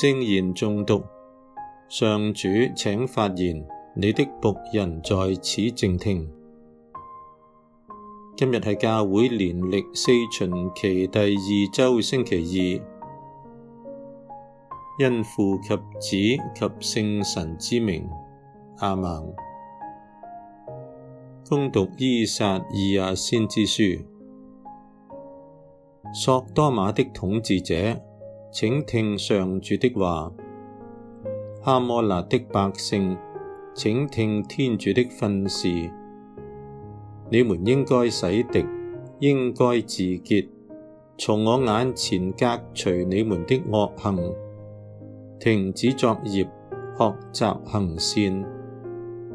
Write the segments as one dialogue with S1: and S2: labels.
S1: 聖言誦讀，上主，請發言，你的僕人在此靜聽。今日係教會年曆四旬期第二周星期二，因父及子及聖神之名，阿孟，恭讀依撒意亞先知書，索多瑪的統治者。請聽上主的話，哈摩辣的百姓，請聽天主的訓示。你們應該洗滌，應該自潔，從我眼前革除你們的惡行，停止作孽，學習行善，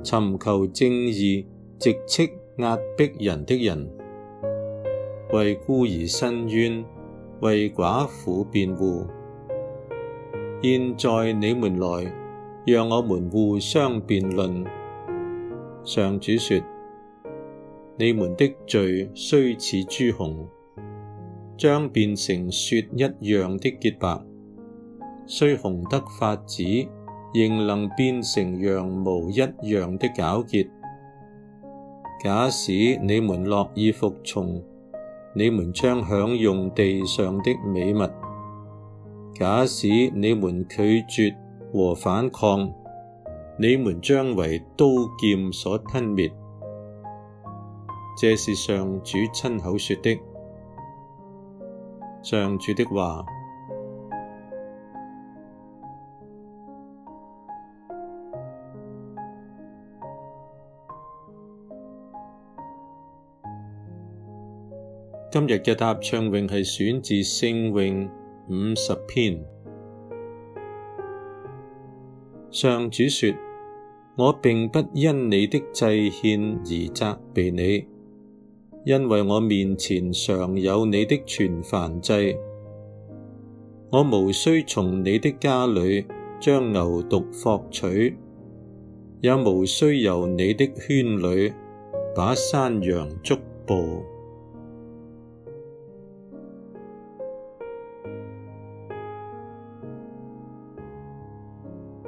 S1: 尋求正義，直斥壓迫人的人，為孤兒伸冤。為寡婦辯護。現在你們來，讓我們互相辯論。上主說：你們的罪雖似朱紅，將變成雪一樣的潔白；雖紅得發紫，仍能變成羊毛一樣的皎潔。假使你們樂意服從。你們將享用地上的美物。假使你們拒絕和反抗，你們將為刀劍所吞滅。這是上主親口說的。上主的話。今日嘅答唱詠係選自聖詠五十篇。上主說：我並不因你的祭獻而責備你，因為我面前常有你的全燔祭。我無需從你的家裏將牛犢攫取，也無需由你的圈裏把山羊捉捕。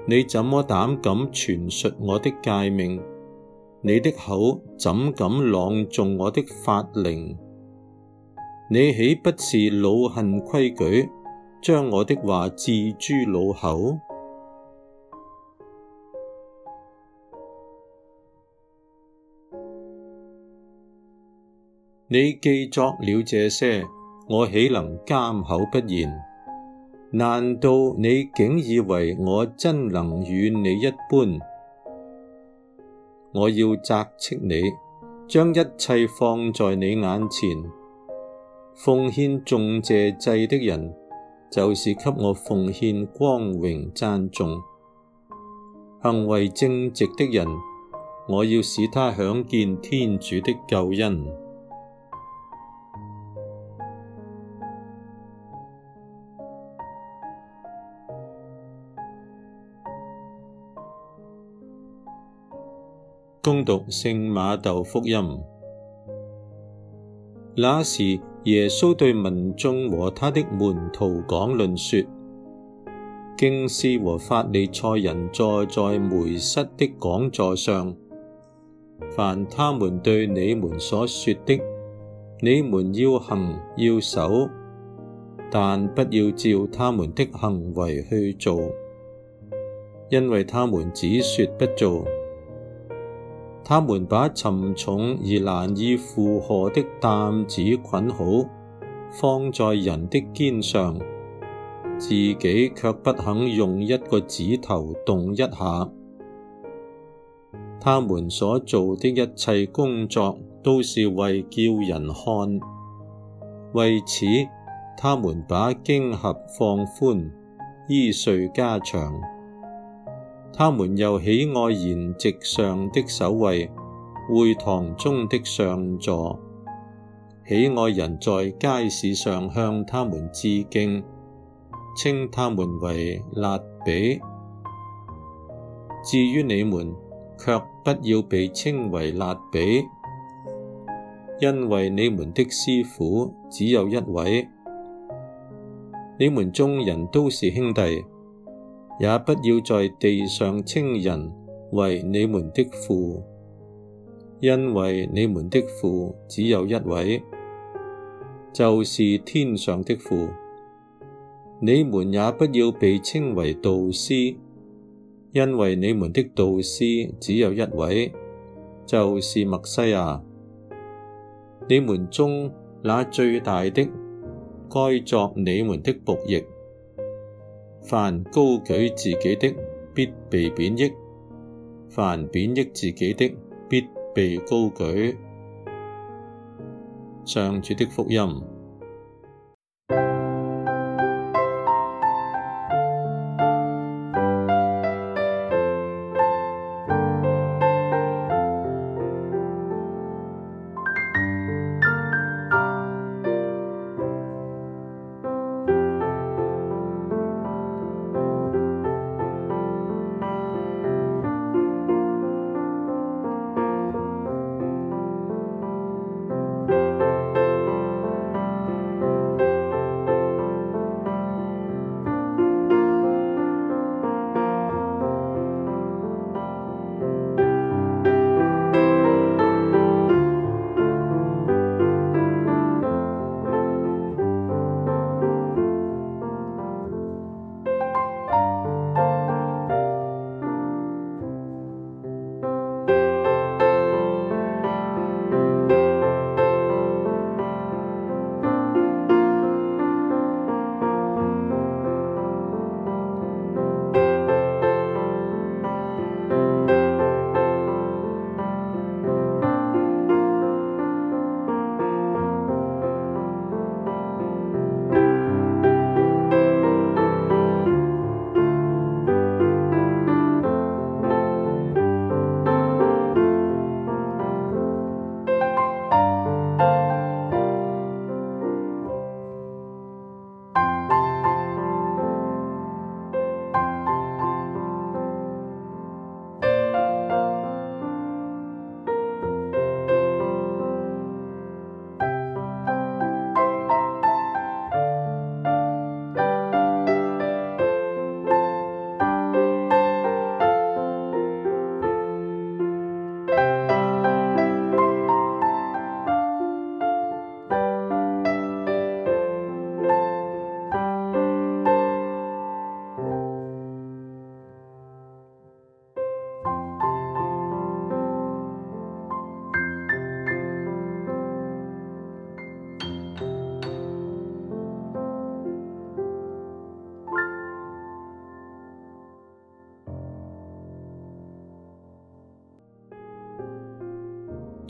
S1: 你怎麼膽敢傳述我的誡命？你的口怎敢朗誦我的法令？你豈不是惱恨規矩，將我的話置諸腦後？ 你既作了這些，我豈能緘口不言？難道你竟以為我真能與你一般？我要責斥你，將一切放在你眼前。奉獻頌謝祭的人，就是給我奉獻光榮讚頌；行為正直的人，我要使他享見天主的救恩。誦讀聖馬竇福音。那時，耶穌對民眾和他的門徒講論說：經師和法利賽人坐在梅室的講座上，凡他們對你們所說的，你們要行要守，但不要照他們的行為去做，因為他們只說不做。他們把沉重而難以負荷的擔子捆好，放在人的肩上，自己却不肯用一個指頭動一下。他們所做的一切工作，都是為叫人看。為此，他們把經匣放寬，衣繸加長。他們又喜愛筵席上的首位，會堂中的上座，喜愛人在街市上向他們致敬，稱他們為辣彼。至於你們，卻不要被稱為辣彼，因為你們的師傅只有一位，你們眾人都是兄弟。也不要在地上稱人為你們的父，因為你們的父只有一位，就是天上的父。你們也不要被稱為導師，因為你們的導師只有一位，就是默西亞。你們中那最大的，該作你們的僕役。凡高舉自己的，必被貶抑；凡貶抑自己的，必被高舉。—上主的福音。